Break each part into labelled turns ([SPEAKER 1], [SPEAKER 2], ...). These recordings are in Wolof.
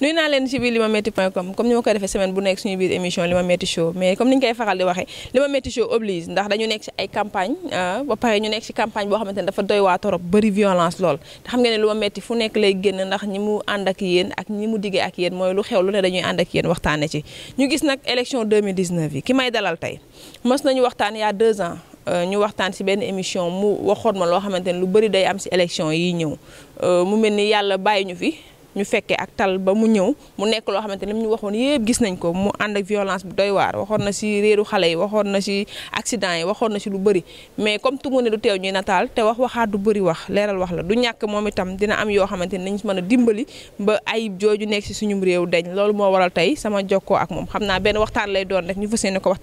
[SPEAKER 1] nuyu naa leen ci biir limametti point com comme ni ma koy defee semaine bu nekk suñu biir émission limametti show mais comme ni ñu koy faral di waxee limametti show oblige ndax dañu nekk ci ay campagne ah, ba pare ñu nekk ci campagne boo xamante ne dafa doy waa torop bëri violence lool te xam ngeen ne limametti fu nekk lay génn ndax ñi mu ànd ak yéen ak ñi mu diggee ak yéen mooy lu xew lu ne dañuy ànd ak yéen waxtaane ci ñu gis nag élection 2019 yi ki may dalal tey mës waxtaan y a deux ans euh, benn émission mu waxoon ma loo xamante ne lu bëri day am ci élection yi ñëw euh, mu mel ni yàlla bàyyi ñu fi ñu fekkee ak tal ba mu ñëw mu nekk lo xamanteni ñu waxon gis nañ ko mu and ak violence bu doy war waxon na ci réeru xalé yi waxon na ci accident yi waxon na ci lu bëri mais comme tu ne du tew ñuy natal te wax waxa du bëri wax leeral wax la du ñak moom dina am yo xamanteni nañ dimbali ba ayib joju nekk ci suñum réew dañ loolu mo waral tay sama joko ak mom xamna ben waxtaan lay doon rek ñu fas ko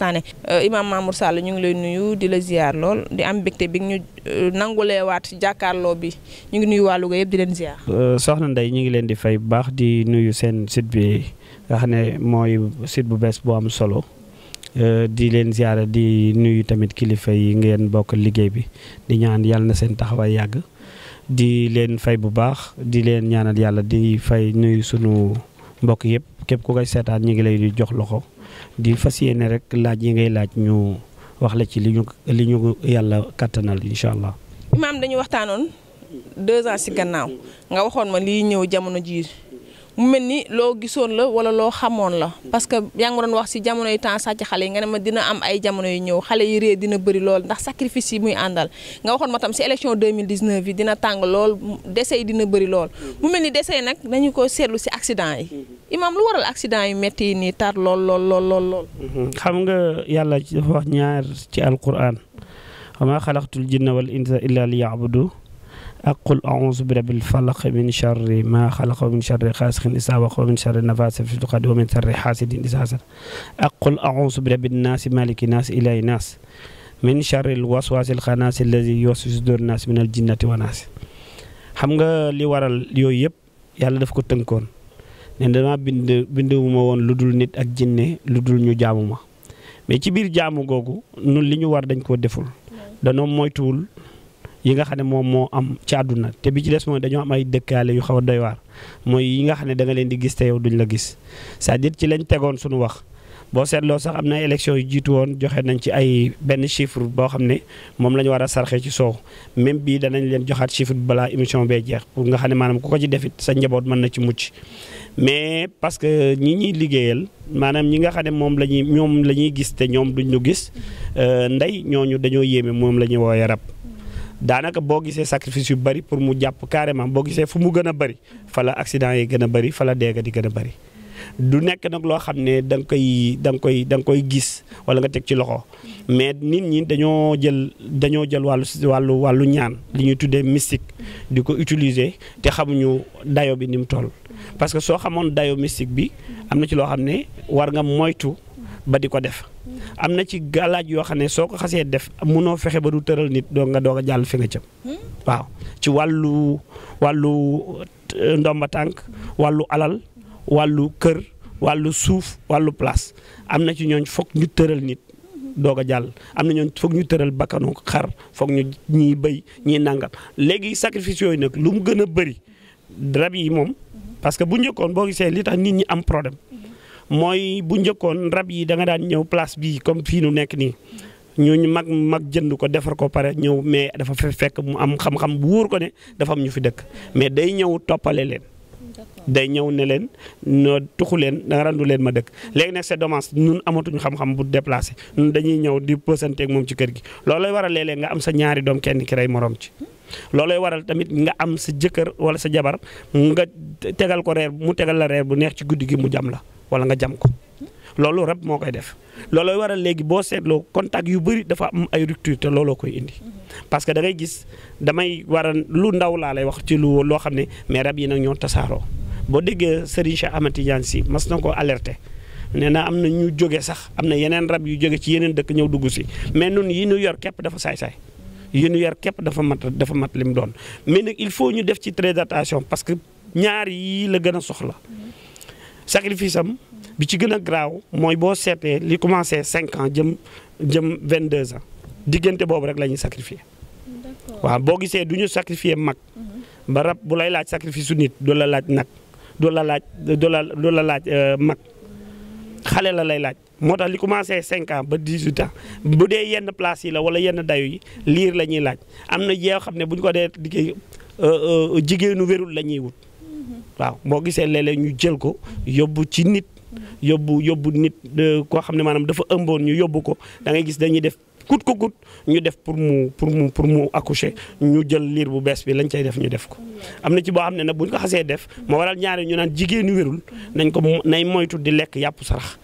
[SPEAKER 1] euh, imam Mamour Sall ñu ngi lay nuyu di la ziar lool di am mbégte bi ñu euh, nanguleewaat ci jakarlo bi ñu ngi nuyu walu ga yëpp di len ziar
[SPEAKER 2] euh, soxna nday ñu ngi len fay bu baax di nuyu seen site bi nga ne mooy sit bu bees bu am solo euh, di leen ziare di nuyu tamit kilifa yi ngeen bokk liggéey bi di ñaan yàlla na seen taxawaay yàgg di leen fay bu baax di leen ñaanal yàlla di fay nuyu sunu mbokk yëpp képp ku koy seetaan ñu ngi lay di jox loxo di fas yéene rek laaj yi ngay laaj ñu wax la ci li ñu li ñu yàlla kattanal incha allah.
[SPEAKER 1] imaam dañu waxtaanoon. deux ans si gannaaw nga waxoon ma lii ñëw jamono jii mu mel ni loo gisoon la wala loo xamoon la parce que yaa doon wax si jamono yu temps sàcc xale yi nga ne ma dina am ay jamono yu ñëw xale yi ree dina bëri lool ndax sacrifice yi muy àndal nga waxoon ma tam si élection 2019 yi dina tàng lool décès yi dina bëri lool mu mel ni décès yi nag dañu ko seetlu si accident yi imaam lu waral accident yu métti yi nii tar lool lool lool lool lool
[SPEAKER 2] xam nga yàlla dafa wax ñaar ci alquran ak qul a'uuzu bi rabbil sharri ma xalaq wa min sharri xaasiqin isaa waq wa min sharri nafaasaati fil uqad wa min sharri xaasidin isaa hasad ak qul a'uuzu naasi maliki naas ilaahi naas min sharril waswaasil xannaas allazi yuwaswisu suduuri naas minal jinnati wan naas xam nga li waral yooyu yëpp yàlla daf ko tënkoon ne dama bind ma woon lu dul nit ak jinne lu dul ñu jaamu ma mais ci biir jaamu googu nun li ñu war dañ koo deful danoo moytuwul yi nga xam ne moom moo am ci àdduna te bi ci des mooy dañoo am ay dëkkaale yu xaw a doy waar mooy yi nga xam ne da leen di gis te yow duñ la gis sa à ci lañ tegoon suñu wax boo seetloo sax am na élection yu jiitu woon joxe nañ ci ay benn chiffre boo xam ne moom la ñu war a sarxee ci soow même bii danañ leen joxaat chiffre balaa émission bee jeex pour nga xam ne maanaam ku ko ci defit sa njaboot mën na ci mucc mais parce que ñi ñuy liggéeyal maanaam ñi nga xam ne moom la ñuy ñoom la ñuy gis te ñoom duñ ñu gis euh, ndey ñooñu dañoo yéeme moom la ñuy wooyee rab daanaka boo gisee sacrifice yu bari pour mu jàpp carrément boo gisee fu mu gën a bëri fa la accident yi gën a bari fa la deega di gën a bari du nekk nag loo xam ne da nga koy danga koy da koy gis wala nga teg ci loxo mais nit ñi dañoo jël dañoo jël wàllu wàllu wàllu ñaan li ñuy tuddee mystique di ko utiliser te xamuñu dayo bi ni mu tool parce que soo xamoon dayo mystique bi am na ci loo xam ne war nga moytu ba di ko def am na ci galaaj yoo xam ne soo ko xasee def mu noo fexe ba du tëral nit doo nga doog a jàll fi nga jëm waaw ci wàllu wàllu euh, ndomba tànk wàllu alal wàllu kër wàllu suuf wàllu place am na ci ñooñ foog ñu tëral nit doog a jàll am na ñooñ foog ñu tëral bakkanu xar foog ñu ñiy béy ñiy nangam léegi sacrifice yooyu nag lu mu gën a bëri rab yi moom parce que bu njëkkoon boo gisee li tax nit ñi am problème mooy bu njëkkoon rab yi danga nga daan ñëw place bii comme fii nu nekk nii ñu mag mag jënd ko defar ko pare ñëw mais dafa fekk mu am xam-xam bu wóor ko ne dafa am ñu fi dëkk mais day ñëw toppale leen. day ñëw ne leen no tuxu leen da nga randu leen ma dëkk léegi nag c'est dommage ñun amatuñu xam-xam bu déplacé dañuy ñëw di pësanteeg moom ci kër gi loolay waral léeg-léeg nga am sa ñaari doom kenn ki rey moroom ci. loolu lay waral tamit nga am sa jëkkër wala sa jabar nga tegal ko reer mu tegal la reer bu neex ci guddi gi mu jam la. wala nga jam ko loolu rab moo koy def loolooy waral léegi boo seetloo contact yu bëri dafa am ay rupture te looloo koy indi mm-hmm. parce que da ngay gis damay waral lu ndaw laa lay wax ci lu loo xam ne mais rab yi nag ñoo tasaaroo boo déggee Serigne Cheikh Ahmed Tidiane Sy mas na ko alerte nee na am na ñu jóge sax am na yeneen rab yu jóge ci yeneen dëkk ñëw dugg si mais nun yi nu yor képp dafa saay-saay mm-hmm. yi ñu yor képp dafa mat dafa mat li mu doon mais nag il faut ñu def ci très attention parce que ñaar la gën a soxla mm-hmm. sacrifice am bi ci gën a graaw mooy boo seetee li commencé cinq ans jëm jëm vingt deux ans diggante boobu rek la ñuy sacrifier waaw boo gisee du ñu sacrifier mag mhm. ba rab bu lay laaj sacrifice su nit du la laaj nag du la laaj du la la laaj euh, mag xale la lay laaj moo tax li commencé cinq ans ba dix huit ans bu dee yenn place yi la wala yenn dayu yi liir la ñuy laaj am na yoo xam ne bu ñu ko dee liggéey euh, euh, jigéenu wérul la ñuy wut waaw boo gisee léeg ñu jël ko yóbbu ci nit yóbbu yóbbu nit koo xam ne maanaam dafa ëmboon ñu yóbbu ko da gis dañuy def kut ko kut ñu def pour mu pour mu pour mu accoucher ñu jël liir bu bees bi lañ cay def ñu def ko am na ci boo xam ne nag buñ ko xasee def moo waral ñu naan jigéenu wérul nañ ko nay moytu di lekk yàpp sarax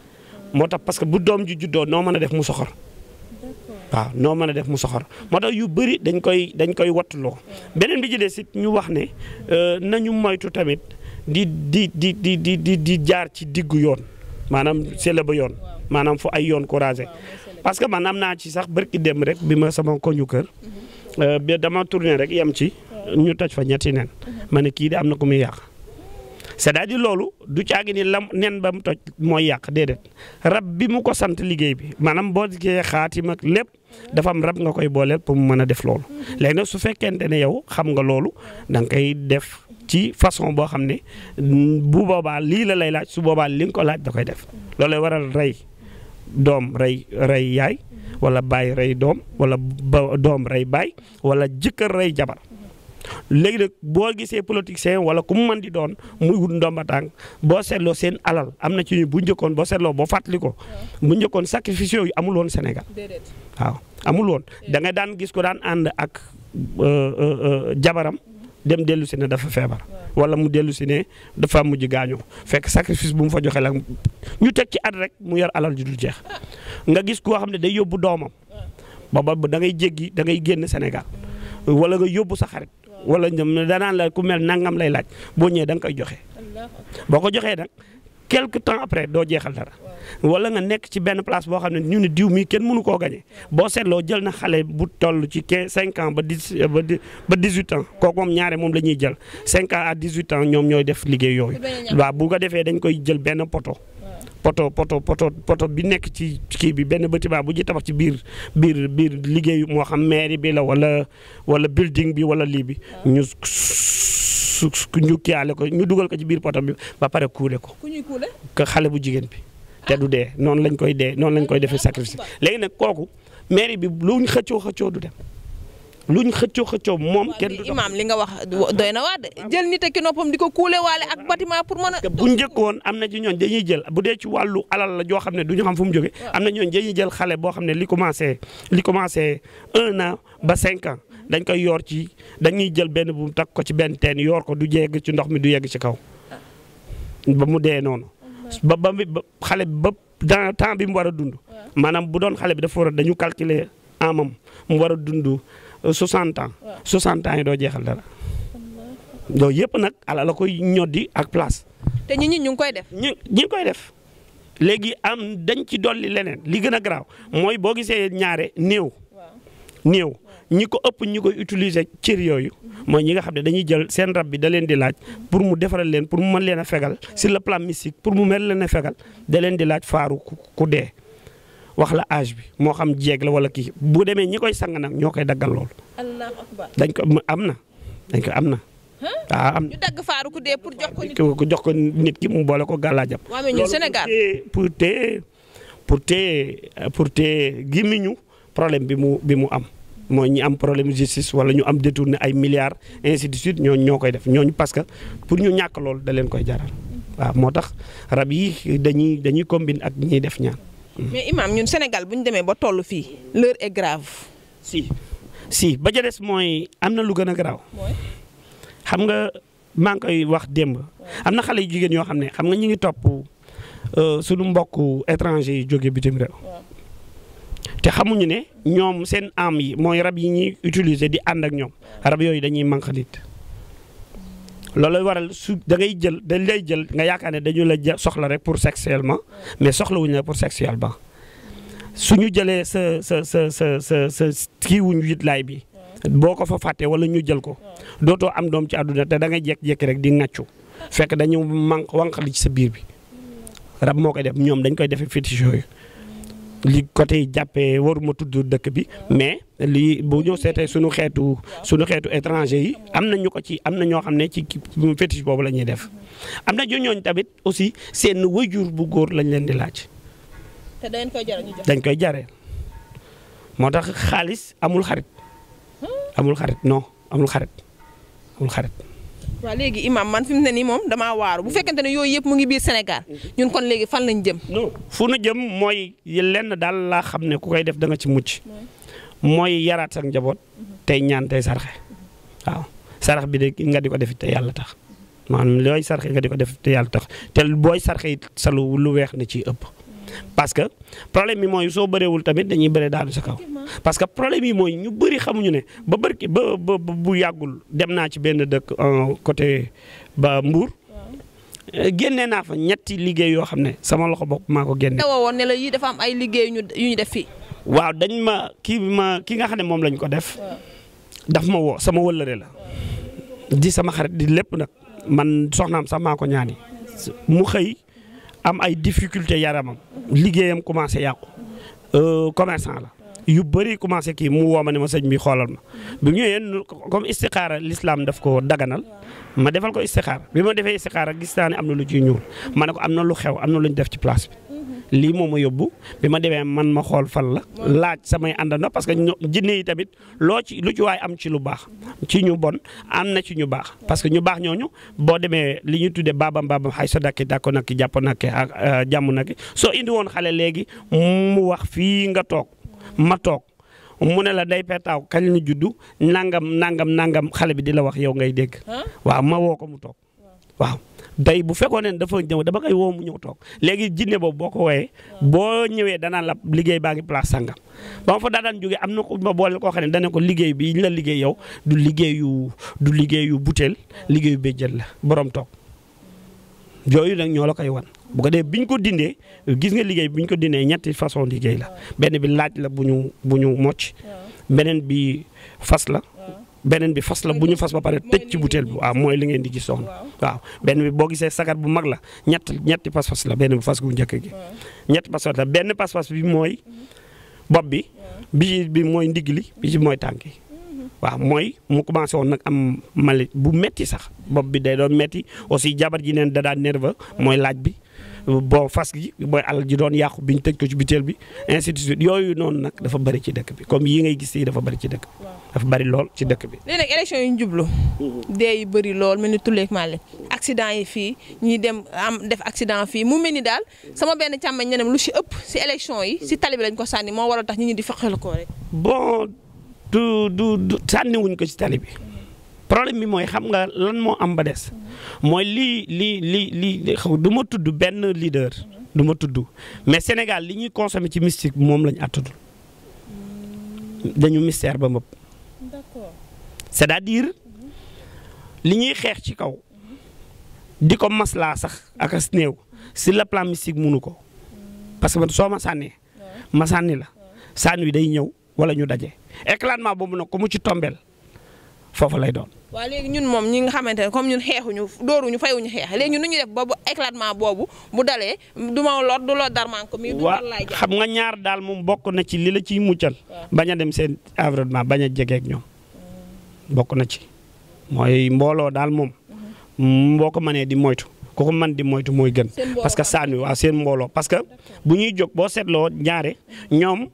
[SPEAKER 2] moo tax parce que bu doom ji juddoo noo mën a def mu soxor waaw noo mën a def mu soxor moo yu bëri dañ koy dañ koy wattuloo beneen bi ci des it ñu wax ne euh, nañu moytu tamit di di di di di di di jaar ci diggu yoon maanaam sele ba yoon maanaam fu ay yoon couragé parce que man am naa ci sax bërki dem rek bi ma sama koñu kër euh, bi dama tourné rek yem ci ñu toj fa ñetti nen ma ne kii di am na ko muy yàq c'est-à-dire loolu du caagi ni lam nen ba mu toj mooy yàq déedéet rab bi mu ko sant liggéey bi maanaam boo gisee xaatim ak lépp dafa am rab nga koy booleel pour mu mën a def loolu léegi nag su fekkente ne yow xam nga loolu da nga koy def ci façon boo xam ne bu boobaa lii la lay laaj su boobaa li ko laaj da koy def loolay waral rey doom rey rey yaay wala baay rey doom wala ba doom rey baay wala jëkkër rey jabar léegi nag boo gisee politicien wala ku mu mën di doon muy wut ndomba tànk boo seetloo seen alal am na ci ñu bu njëkkoon boo seetloo boo fàttali ko bu njëkkoon sacrifice yooyu amul woon Sénégal amul woon da daan gis ko daan ànd ak euh, euh, euh, jabaram. dem dellu si ne dafa feebar wala mu dellu si ne dafa mujj gaañoo fekk sacrifice bu mu fa joxe la ñu teg ci at rek mu yor alal ju jeex nga gis koo xam ne day yóbbu doomam ba ba da ngay jéggi da ngay génn Sénégal wala nga yóbbu sa xarit wala ñoom danaan la ku mel nangam lay laaj boo ñëwee da nga koy joxe boo ko joxee nag quelque temps après doo jeexal dara wala nga nekk ci benn place boo xam ne ñu ne diw mii kenn mënu koo gañe boo seetloo jël na xale bu toll ci quinze cinq ans ba dix ba dix huit ans kooku moom ñaare moom la ñuy jël cinq ans à dix huit ans ñoom ñooy def liggéey yooyu waaw bu ko defee dañ koy jël benn poto poto poto poto poto bi nekk ci kii bi benn bâtiment bu ci tabax ci biir biir biir liggéey moo xam mairie bi la wala wala building bi wala lii bi ñu su ñu kiyaale ko ñu dugal ko ci biir potam bi ba pare kuule ko.
[SPEAKER 1] ku
[SPEAKER 2] xale bu jigéen bi. te du dee noonu lañ koy dee noonu lañ koy defee sacrifice ah, léegi nag kooku mairie bi luñ xëccoo xëccoo du dem. luñ xëccoo xëccoo moom kenn
[SPEAKER 1] du imaam li nga wax doy na waa de jël nit ak noppam di ko kuule waale ak bâtiment pour mën a bu
[SPEAKER 2] njëkkoon am na ci ñooñ dañuy jël bu dee ci wàllu alal la joo xam ne du ñu xam fu mu jóge am na ñooñ dañuy jël xale boo xam ne li commencé li commencé un an ba cinq ans dañ koy yoor ci dañuy jël benn bu mu takk ko ci benn teen yoor ko du yegg ci ndox mi du yegg ci kaw ba mu dee noonu. ba ba xale bi ba dans temps bi mu war a dund. maanaam bu doon xale bi dafa dañu calculer amam mu war a dund 60 euh, ans. 60 ans doo jeexal dara. loolu yëpp nag ala la koy ñoddi ak place.
[SPEAKER 1] te ñi ñi ñu ngi koy def. ñi
[SPEAKER 2] ñi koy def léegi am dañ ci dolli leneen li gën a garaaw mm. mooy boo gisee ñaare néew. néew ñi ko ëpp ñi ko utiliser cër yooyu mooy ñi nga xam ne dañuy jël seen rab bi da leen di laaj pour mu defaral leen pour mu mën leen a fegal si le plan mystique pour mu mel leen a fegal da leen di laaj faaru ku dee wax la âge bi moo xam jéeg la wala kii bu demee ñi koy sang nag ñoo koy daggal loolu. dañ ko am na dañ ko am na.
[SPEAKER 1] ah am na ñu dagg faaru ku dee pour jox ko
[SPEAKER 2] jox ko nit ki mu boole ko gàllaajam. waaw mais ñun pour te pour téye pour téye gimiñu problème bi mu bi mu am. mooy ñu am problème justice wala ñu am détourné ay milliards ainsi de suite ñooñu ñoo koy def ñooñu parce que pour ñu ñàkk loolu da leen koy jaral waaw moo tax rab yi dañuy dañuy combine ak ñiy def ñaan.
[SPEAKER 1] Hmm. mais Imaam ñun Sénégal bu ñu demee ba toll fii l'heure est grave.
[SPEAKER 2] si si ba ja des mooy am na lu gën a garaaw. xam nga maa ngi koy wax démb. am na xale yu jigéen yoo xam ne xam nga ñu ngi topp euh, sunu mbokk étranger yi jóge bitim réew. te xamuñu ne ñoom seen am yi mooy rab yi ñuy utiliser di ànd ak ñoom rab yooyu dañuy mànq nit loolu la waral su da ngay jël dañ lay jël nga yaakaar ne dañu la soxla rek pour sexuellement mais soxlawuñu la pour sexuellement su ñu jëlee sa sa sa sa sa sa kii wuñu yitlaay bi boo ko fa fàtte wala ñu jël ko dootoo am doom ci àdduna te da ngay jékki rek di ŋàccu fekk dañu manq wànq li ci sa biir bi rab moo koy def ñoom dañ koy defee fétiche yooyu li côté yi jàppee waruma tudd dëkk bi mais lii bu ñëw seetee suñu xeetu suñu xeetu étranger yi am na ñu ko ci am na ñoo xam ne ci fétiche boobu la ñuy def am na ñooñ tamit aussi seen wajur bu góor lañ leen di laaj.
[SPEAKER 1] te dañ koy jare
[SPEAKER 2] dañ koy jare moo tax xaalis amul xarit. Hmm? amul xarit non amul xarit amul xarit.
[SPEAKER 1] waaw léegi imam man fi mu ne nii moom damaa waaru bu fekkente ne yooyu yëpp mu ngi biir Sénégal ñun kon léegi fan lañ jëm. non
[SPEAKER 2] fu nu jëm mooy lenn daal laa xam ne ku koy def da nga ci mucc mooy yaraat sa njaboot tey ñaan tey sarxe waaw sarax bi de nga di ko def te yàlla tax maanaam looy sarxe nga di ko def te yàlla tax te booy sarxe it sa lu lu weex na ciy ëpp parce que problème bi mooy soo barewul tamit dañuy bëre daanu sa kaw. parce que problème yi mooy ñu bëri xamuñu ne ba bërki ba ba bu yàggul dem naa ci benn dëkk euh, côté ba Mbour. génne naa fa ñetti liggéey yoo xam ne sama loxo bopp maa ko génne.
[SPEAKER 1] teewoo woon ne la yii dafa am ay liggéey yu ñu yu def fii.
[SPEAKER 2] waaw dañ ma kii bi ma ki nga xam ne moom lañ ko def. daf ma woo sama wëllëre la. di sama xarit di lépp nag man soxnaam sax maa ko ñaani mu xëy am ay difficulté yaramam liggéeyam commencé yàqu euh, commerçant la. yu bëri commencé kii mu woo ma ne ma sëñ bi xoolal ma bi mu ñëwee comme istixaara lislaam daf ko daganal ma defal ko istixaara bi ma defee istixaara gis naa ne am na lu ciy ñuul ma ne ko am na lu xew am na lu ñu def ci place bi. lii moom ma yóbbu bi ma demee man ma xool fan la laaj samay àndandoo parce que jinne yi tamit loo ci lu ci waay am ci lu baax ci ñu bon am na ci ñu baax parce que ñu baax ñooñu boo demee li ñu tuddee baabam baabam xay so dakki dàkko nakki jàpp nakki ak euh, jàmm nakki soo indi woon xale léegi mu wax fii nga toog. ma toog mu ne la day petaaw kañ la juddu nangam nangam nangam xale bi di la wax yow ngay dégg. waaw ma woo ko mu toog. waaw day bu fekkoon ne dafa ñëw dama koy woo mu ñëw toog léegi jinne boobu boo ko wooyee boo ñëwee danaan la liggéey baa ngi place sangam ba ma fa daan am na ma boole koo xam ne dana ko liggéey bi ñu la liggéey yow du liggéeyu du liggéeyu butéel liggéeyu béjjën la borom toog jooyu nag ñoo la koy wan. bu ko dee bi ñu ko dindee gis nga liggéey bi ñu ko dindee ñetti façon liggéey la benn bi laaj la bu ñu bu ñu mocc beneen bi fas la beneen bi fas la bu ñu fas ba pare tëj ci butéel bi waaw mooy li ngeen di gis soxna waaw benn bi boo gisee sagar bu mag la ñett ñetti pas la benn bi fas gu njëkk gi ñetti benn pas-pas mooy mm-hmm. bopp bi bi mooy ndigg li mooy tànk yi mm-hmm. mooy mu commencé woon nag am malit bu metti sax bopp bi day doon metti aussi jabar ji neen da daan nerveux mooy laaj bi bon fas gi mooy alal ji doon yàqu bi ñu tëj ko ci butéel bi ainsi yooyu noonu nag dafa bëri ci dëkk bi comme yi ngay gis yi dafa bari ci dëkk bi. dafa bëri lool ci dëkk bi.
[SPEAKER 1] léegi nag élection yi ñu jublu. Mhm. dee yi bëri lool mel ni tulleeg maale. accident yi fii ñuy dem am def accident fii mu mel ni daal sama benn càmmañ nenam lu si ëpp si élection yi si tali bi lañ ko sànni moo waral tax ñu ñi di fexe ko rek.
[SPEAKER 2] bon du du du sànniwuñ ko si tali bi. problème bi mooy xam nga lan moo am ba des mooy lii lii lii lii xaw du ma tudd benn leader du ma tudd mais Sénégal li ñuy consommer ci mistique moom lañ attudul dañu mystère ba mëpp c'est-à-dire li ñuy xeex ci kaw di ko maslaa sax ak néew si la plan mystique munu ko parce que soo ma sànnee ma sànni la sànni wi day ñëw wala ñu daje éclatement boobu nag ko mu ci tombeel foofu lay doon
[SPEAKER 1] waaw léegi ñun moom ñi nga xamante ne comme ñun xeexuñu wu ñu xeex léegi ñun nu ñu def ba bu éclatement boobu bu dalee du ma lor du lor darman ko mi waaw xam nga ñaar
[SPEAKER 2] daal moom bokk na ci li la ciy muccal bañ dem seen environnement bañ a jegeek ñoom mm. bokk na ci mooy mbooloo daal moom mm-hmm. boo ko mënee di moytu ku ko mën di moytu mooy gën parce que sànni waaw seen mbooloo parce que bu ñuy jóg boo seetloo ñaare mm-hmm. ñoom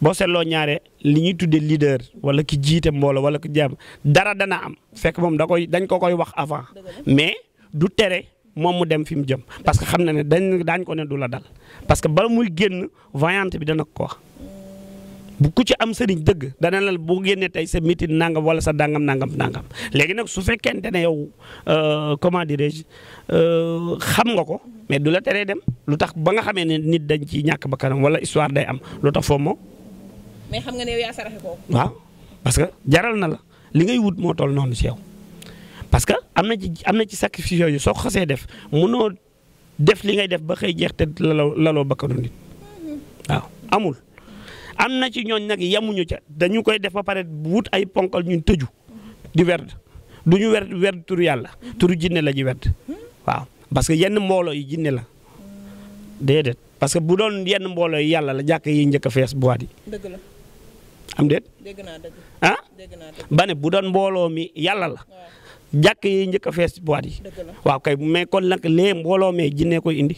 [SPEAKER 2] boo lo ñaare li ñi tuddé leader wala ki jité mbolo wala ki dara dana am fekk mom da koy dañ ko koy wax avant mais du téré mom mu dem fim jëm parce que xamna na dañ dañ ko né du la dal parce que bal muy génn voyante bi dana ko wax bu ku ci am sëriñ dëgg dana la bu génné tay sa mitin nangam wala sa dangam nangam nangam légui nak su fekkenté né yow euh, comment dirais-je euh, xam nga ko mais du la dem lutax ba nga xamé né nit dañ ci ñak bakaram wala histoire day am lutax fo mo mais xam nga ne yow waaw parce que jaral na la li ngay wut moo toll noonu si yow parce que am na ci am na ci sacrifice yooyu soo xasee def mënoo def li ngay def ba xëy jeex te laloo laloo bakkanu nit waaw amul. am na ci ñooñ nag yemuñu ca dañu koy def ba pare wut ay ponkal ñun tëju di werd du ñu werd werd yàlla turu jinne la ji werd waaw parce que yenn mbooloo yi jinne la déedéet parce que bu doon yenn mbooloo yi yàlla la jàkk yi njëkk a fees bu waat yi am déet ah ba ne bu doon mbooloo mi yàlla la jàkk yi njëkk a fees boîte yi waaw kay mais kon nag lee mbooloo mee jinne koy indi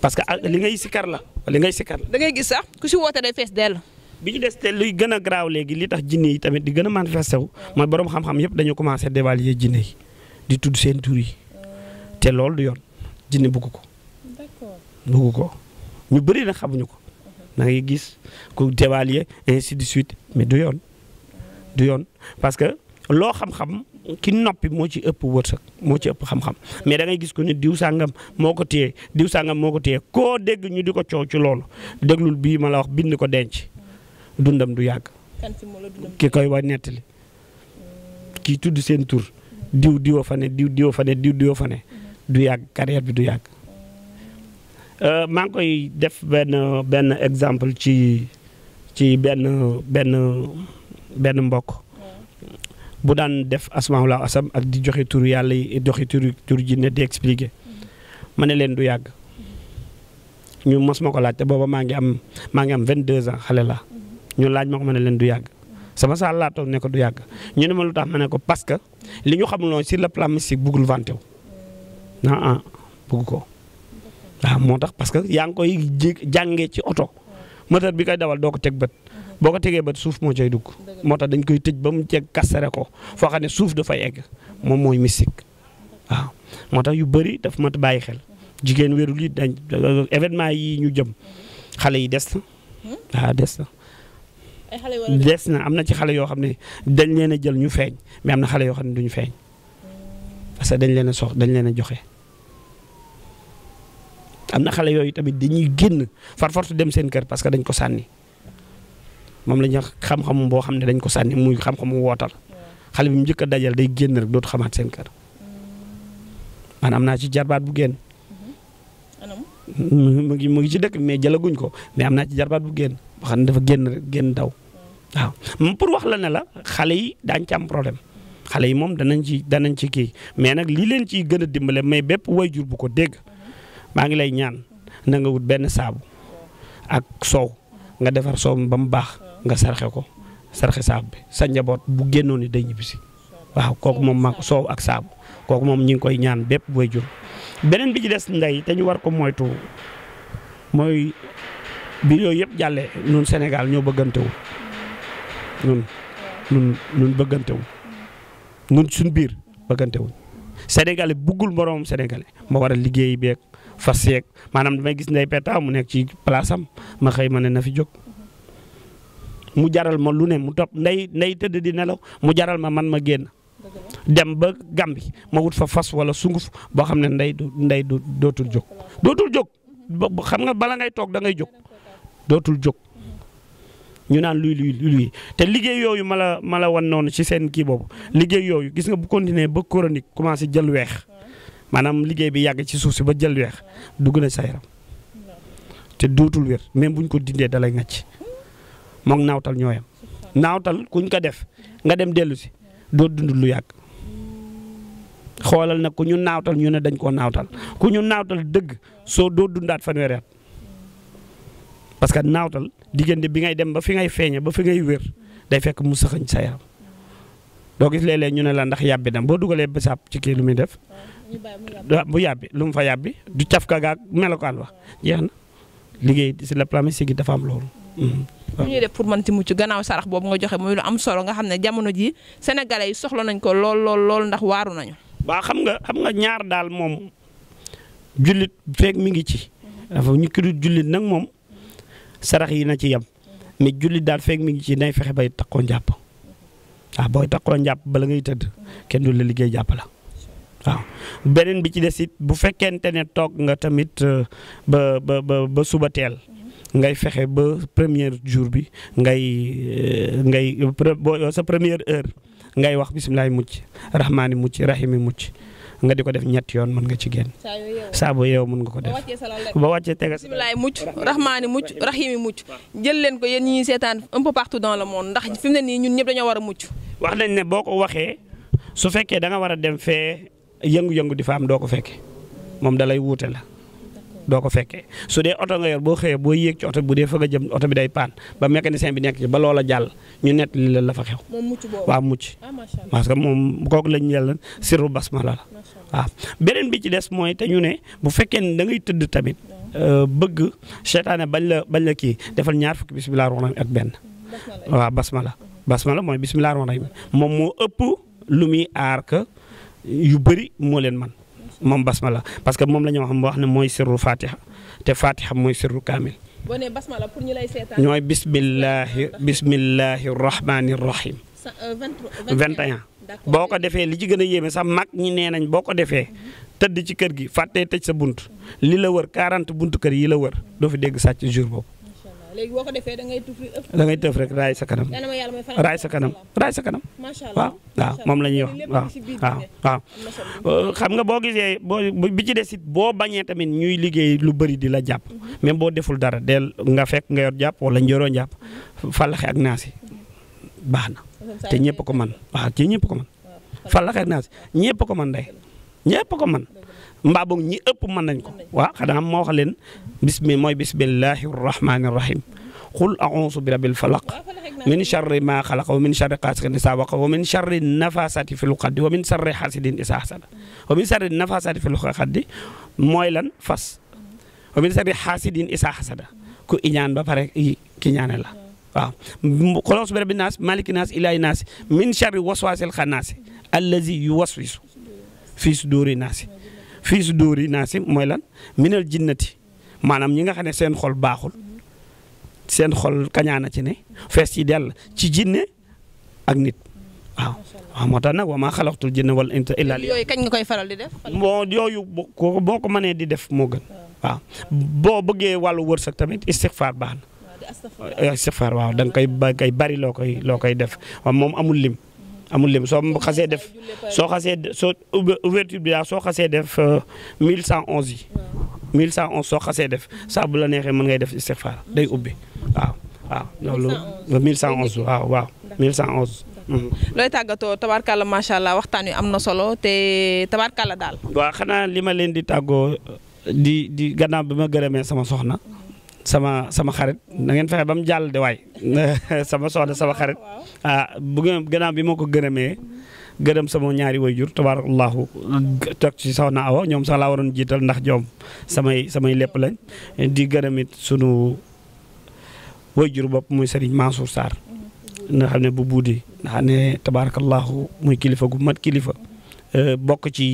[SPEAKER 2] parce que li nga ngay sikar la li ngay sikar la. da ngay gis sax ku si woote day fees dell. bi ñu des te luy gën a garaaw léegi li tax jinne yi tamit di gën a manifesté wu mooy borom xam-xam yëpp dañu commencé dévaluer jinne yi di tudd seen tur yi ah. te loolu du yoon jinne bugg ko. bugg ko ñu bëri na xamuñu ko. da ngay gis ku dévaluer ainsi de suite mais du yoon du yoon parce que loo xam-xam ki noppi moo ci ëpp wërsëg moo ci ëpp xam-xam mais dangay gis ko ni diw sàngam moo ko téye diw sàngam moo ko téye koo dégg ñu di ko coow ci loolu déglul bii ma la wax bind ko denc dundam du yàgg. ki koy wa nettali kii tudd seen tur diw diwa fa ne diw diwa fa ne diw diwa fa du yàgg carrière bi du yàgg. Euh, maa ngi koy def benn benn exemple ci ci benn benn benn mbokk bu daan def asmaawulaaw asam ak di joxe tur yàlla yi joxe tur ji ne di expliquer mm-hmm. ma ne leen du yàgg mm-hmm. ñu mos ma ko laaj te booba maa ngi am maa ngi am 22 ans xale la mm-hmm. ñu laaj ma ko ma ne leen du yàgg sama saal laa toog du yàgg ñu ne ma lu tax ma ne ko parce que li ñu loo si le plan mystique buggul vantew ah ah bugg ko. waaw ah, moo tax parce que yaa ngi koy jàngee ci oto moteur bi koy dawal doo ko teg bët boo ko tegee bët suuf moo cay dugg moo tax dañ koy tëj ba mu jeg kasare ko foo xam ne suuf dafay egg moom mooy mystique waaw moo tax yu bëri daf mat bàyyi xel jigéen wérul yi dañ événement yi ñu jëm xale yi des na waaw hmm? ah, des na des na am na ci xale yoo xam ne dañ leen a jël ñu feeñ mais am na xale yoo xam ne duñu feeñ hmm. parce que dañ leen a sox dañ leen a joxe amna na xale tamit dañuy génn far force dem seen kër parce que dañ ko sanni mom lañ xam xam bo xamne dañ ko sanni muy xam-xamu wotal xalé bi mu jëk dajal day génn rek dootu xamaat seen kër man amna ci jarbaat bu anam mu ngi mu ngi ci dekk mais jalaguñ ko mais amna ci jarbaat bu génn boo dafa génn rek génn daw waaw pour wax la ne la xalé yi dañ ci am problème. xalé yi moom danañ ci danañ ci ki mais nak li leen ci gëna dimbalé mais bép wayjur bu ko dégg maa ngi lay ñaan na wut benn saabu ak soow nga defar soow ba mu baax nga sarxe ko sarxe saabu bi sa njaboot bu génnoon ni day waaw kooku moom maa soow ak saabu kooku moom ñu ngi koy ñaan bépp booy jur beneen bi ci des ndey te ñu war ko moytu mooy bi yooyu yëpp jàlle ñun Sénégal ñoo bëggantewul ñun ñun ñun bëggantewul ñun biir bëggantewul Sénégalais buggul moroom Sénégalais moo war a liggéey beeg fas yeeg maanaam may gis ndey peta mu nekk ci place am ma xëy ma ne na fi jóg. mu jaral ma lu ne mu topp ndey ndey tëdd di nelaw mu jaral ma man ma génn. dem ba Gàmbi ma wut fa fas wala sunguf boo xam ne ndey du ndey dootul jóg dootul jóg xam nga bala ngay toog da ngay jóg dootul jóg. ñu naan luy luy luy te liggéey yooyu ma la ma la wan noonu ci seen kii boobu liggéey yooyu gis nga bu continuer ba chronique commencé jël weex. maanaam liggéey bi yàgg ci suuf si ba jël weex dugg na sa yaram te dootul wér même bu ñu ko dindee dalay ngàcc moom naawtal ñoo yam naawtal kuñ ko def nga dem dellu si doo dund lu yàgg xoolal nag ku ñu naawtal ñu ne dañ koo naawtal ku ñu naawtal dëgg soo doo dundaat fanweeri at parce que naawtal diggante bi ngay dem ba fi ngay feeñe ba fi ngay wér day fekk mu sëxëñ sa yaram doo gis léeg-léeg ñu ne la ndax yàbbi na boo dugalee bisaab ci kii lu muy def bu ah, yàbbi lu mu fa yàbbi du cafka gaag melokaan wax jeex na liggéey si la pharmacie gi dafa am loolu. waaw mm-hmm.
[SPEAKER 1] ñuy def pour mën ci mucc gannaaw sarax boobu nga joxe muy lu am solo nga xam ne jamono ji sénégalais yi soxla nañ ko lool lool ndax waaru nañu.
[SPEAKER 2] waa xam nga xam nga ñaar daal moom jullit feeg mi ngi ci. dafa ñu ki jullit nag moom sarax yi na ci yam mais jullit daal feeg mi ngi ci day fexe bay takkoo njàpp waaw booy takkoo njàpp bala ngay tëdd kenn du la liggéey jàpp benen bi ci des it bu fekente ne tok nga tamit euh, ba ba ba suba teel. ngay fexé ba premier jour bi ngay euh, ngay sa premier heure ngay wax bismillah mucc rahmani mucc rahimi mucc nga di def ñet yoon man nga ci genn sa bo yow mën nga ko def ba wacce tega bismillah
[SPEAKER 1] mucc rahmani mucc rahimi mucc jël leen ko yeen ñi seetaan un peu partout dans le monde ndax fimne ni ne ñun ñep dañu wara mucc.
[SPEAKER 2] wax nañ ne boko waxé su fekke da nga wara dem yëngu-yëngu di fam doko fekke mom dalay wuute la doko fekke su dé auto nga yor bo xëyee bo yek ci auto bu dé fa nga jëm auto bi day pan ba mécanicien bi nek ci ba lola jall ñu net li la la fa xew waaw mucc ah, parce que mom kooku lañ yàlla sirru basmala la waaw benen bi ci dess moy té ñu né bu fekkee da ngay tëdd tamit euh, bëgg seetaane bañ la bañ la ki défal ñaar fukki bismillah rahmaan ak ben wa basmala basmala moy bismillah rahmaan moom moo ëpp lu muy ar ke yu bëri moo leen man moom la parce que moom la ñu wax ne mooy sirru fatiha te fatiha mooy sirru kaamil.
[SPEAKER 1] boo nee basmala pour ñu lay seetaan.
[SPEAKER 2] ñooy bismillahi bismillahi rahmaani rahim. 21 euh, boo ko defee li ci gën a yéeme sax mag ñi nee nañ boo ko defee tëdd ci kër gi fàttee tëj sa bunt mm-hmm. li la wër 40 bunt kër yi la wër doo fi dégg sàcc jour boobu.
[SPEAKER 1] léegi boo ngay
[SPEAKER 2] tëf rek. da raay sa kanam. raay sa kanam raay sa allah waaw moom la ñuy wax waaw waaw euh, xam nga boo gisee boo bi ci des boo bañee tamit ñuy liggéey lu bëri di la jàpp. Mhm. même boo deful dara del nga fekk nga yor jàpp wala njoroo jàpp mhm. fallaxe ak naasi baax na te ñëpp ko man waaw ci ñëpp ko man fallaxe ak naasi ñëpp ko man day ñëpp ko man mbaa ñi ëpp man nañ ko wa xanaa mo wax leen bismi moy bismillahi rahmaani rahim qul a'uuzu bi rabbil falaq min sharri ma khalaq wa min sharri qaasiqin izaa waqab wa min sharri nafasati fil uqad wa min sharri hasidin izaa hasada wa min sharri nafasati fil uqad moy lan fas wa min sharri hasidin izaa hasada ku iñaan ba pare ki ñaane la wa qulus bi rabbi naas maliki naas ilaahi naas min sharri waswasil khannas allazi yuwaswisu fi suduri nas fils su nasim moy lan minal jinnati manam ñi nga xane ne seen xol baxul seen xol kañana ci ne fess ci del ci jinne ak nit waaw. wa mata tax nag wa maa xalaqtul jinna wal insa illa li yoy
[SPEAKER 1] kañ nga koy faral di def. bon
[SPEAKER 2] yooyu boo boo ko di def mo gën. waaw bo bëggé walu wërsëg tamit istighfar baax na. istixfaar waaw da nga koy ba kay bari loo koy loo koy def moom amul lim. amul lim soo xasee def soo xasee soo ouverture bi daal soo xasee def 1111 euh, yi 1111 soo xasee def saa bu la neexee mën ngay def istixfaar day ubbi waaw waaw loolu 1111 waaw waaw 1111 mhm.
[SPEAKER 1] looy tàggatoo tabaarkàlla macha allah waxtaan wi am na solo te tabaarkàlla daal.
[SPEAKER 2] waaw xanaa li ma leen di tàggoo di di gannaaw bi ma gërëmee sama soxna. sama sama xarit na ngeen fexe ba mu jàll de waay sama soxna sama xarit ah bu gën bi moo ko gërëmee gërëm sama ñaari wayjur tabarakallahu toog ci soxna Awa ñoom sax laa waroon jiital ndax joom samay samay lépp lañ di gërëmit sunu wayjur bopp muy Serigne Mansour Sarr nga xam ne bu buudi ndax xam ne tabarakallahu muy kilifa gu mat kilifa eh, bokk ci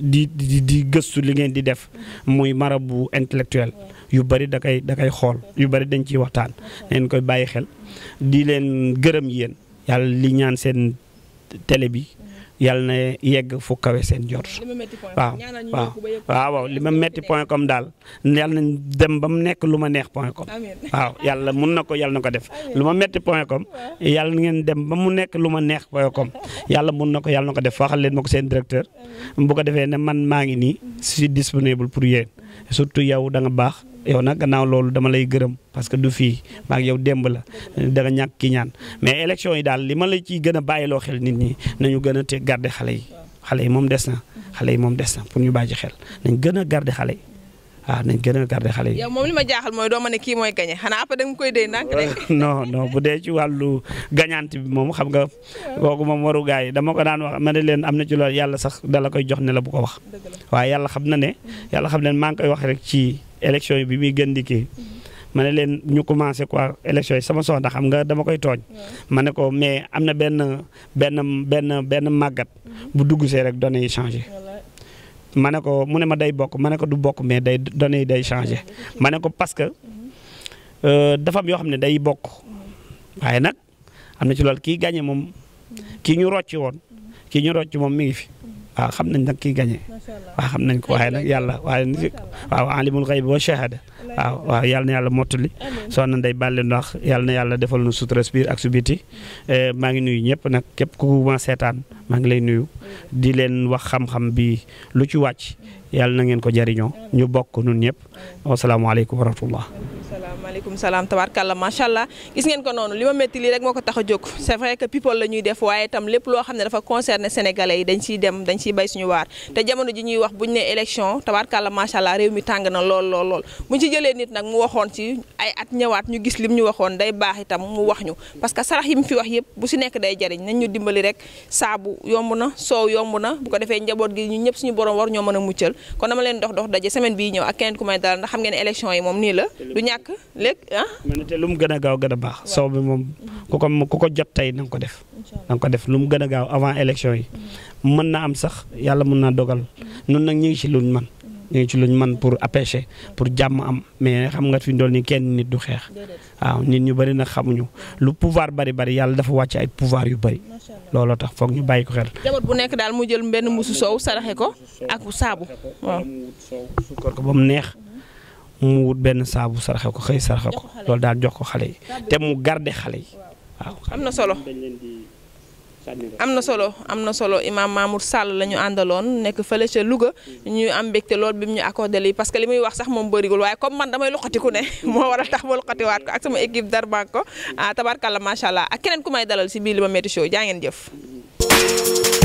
[SPEAKER 2] di di di gëstu li ngeen di def muy marabu intellectuel yu bëri da koy da kay xool yu bëri dañ ciy waxtaan neen koy bàyyi xel di leen gërëm yéen yàlla li ñaan seen télé bi yal na yegg fu kawe seen jot waaw waaw waaw li ma metti point comme daal yal na dem ba mu nekk lu ma neex point com waaw yàlla mun na ko yal na ko def lu ma metti point com yal ngeen dem ba mu nekk lu ma neex point com yàlla mun na ko yal na ko def waxal leen ma ko seen directeur bu ko defee ne man maa ngi nii je disponible pour yéen surtout yow da baax yow nag gannaaw loolu dama lay gërëm parce que du fii maag yow demb la da nga ñàkk ki ñaan mais élection yi daal li ma la ciy gën a loo xel nit ñi nañu gën a te garder xale yi xale yi moom des na xale yi moom des pour ñu bàyyi xel nañ gën a garder xale yi ah nañ gën a garder xale yi.
[SPEAKER 1] yow moom li ma jaaxal mooy doo ma ne kii mooy gagné xanaa après da koy dee ndànk
[SPEAKER 2] rek. non bu dee ci wàllu gagnante bi moom xam nga kooku moom waru yi dama ko daan wax ma ne leen am na ci loolu yàlla sax dala koy jox ne la bu ko wax. waaye yàlla xam na ne. yàlla xam ne maa ngi koy wax rek ci élection yi bi muy gën di ki mm-hmm. ma ne leen ñu commencé quoi élection yi sama soxna xam nga dama koy tooñ. ma ne ko mais am na benn benn benn benn màggat. Mm-hmm. bu dugg see rek données yi changé. ma ne ko mu ne ma day bokk ma ne ko du bokk mais day données day changé ma ne ko parce que euh, dafa am yoo xam ne day bokk waaye nag am na ci loolu kii gagné moom kii ñu rocci woon kii ñu rocci moom mi ngi fi waaw xam nañ nag kii gagné waaw xam nañ ko waaye nag yàlla waaye waaw alimul xayb wa shahada waaw ah, waaw yàlla na yàlla mottali soxna Ndeye Bàlle ndax yàlla na yàlla defal na sutura biir ak su biti eh, maa ngi nuyu ñëpp nag képp ku ma seetaan maa ngi lay nuyu di leen wax xam-xam bi lu ci wàcc yàlla na ngeen ko jariñoo ñu bokk nun ñëpp wasalaamaaleykum wa rahmatullah
[SPEAKER 1] maaleykum salaam tabarkàlla macha allah gis ngeen ko noonu li ma métti lii rek moo ko tax a jóg c'est vrai que people la ñuy def waaye itam lépp loo xam ne dafa concerné sénégalais yi dañ siy dem dañ siy bay suñu waar te jamono ji ñuy wax buñ ne élection tabarkàlla macha allah réew mi tàng na lool lool lool jëlee nit nak mu waxon ci ay at ñëwaat ñu gis lim ñu waxon day baax itam mu wax ñu parce que sarax yim fi wax yëpp bu ci nekk day jariñ nañ ñu dimbali rek saabu yomb na soow yomb bu ko njabot gi ñu ñëpp suñu borom war ñoo mëna a kon dama leen dox dox dajé semaine bi ñëw ak keneen ku may dal ndax xam ngeen élection yi mom ni la du ñàkk léeg ah
[SPEAKER 2] te lu mu gëna gaaw gëna baax soow bi mom ku ko ku ko jot tay nang ko def nang ko def lu mu gaaw avant élection yi mm-hmm. mëna am sax yalla mëna dogal mm-hmm. nun nak ñi ci luñ man ñu ngi ci luñ man pour empêcher pour jàmm am mais xam nga fi dool ni kenn nit du xeex waaw nit ñu bari nag xamuñu lu pouvoir bari bari yàlla dafa wàcc ay pouvoir yu bëri looloo tax foog ñu bàyyi ko xel.
[SPEAKER 1] jabar bu nekk daal mu jël benn musu soow saraxe ko ak saabu waaw.
[SPEAKER 2] ko ba mu neex mu wut benn saabu saraxe ko xëy saraxe ko loolu daal jox ko xale yi te mu garder xale yi
[SPEAKER 1] waaw. am na solo. am na solo am na solo Imaam Mamour Sall la ñu àndaloon nekk fële ca Louga ñu am mbégte lool bi mu ñu accordé lii parce que li muy wax sax moom bërigul waaye comme man damay loxati ku ne moo waral tax ma waat ko ak sama équipe darban ko ah tabarkalla macha allah ak keneen ku may dalal si biir Limametti Show jaa ngeen jëf.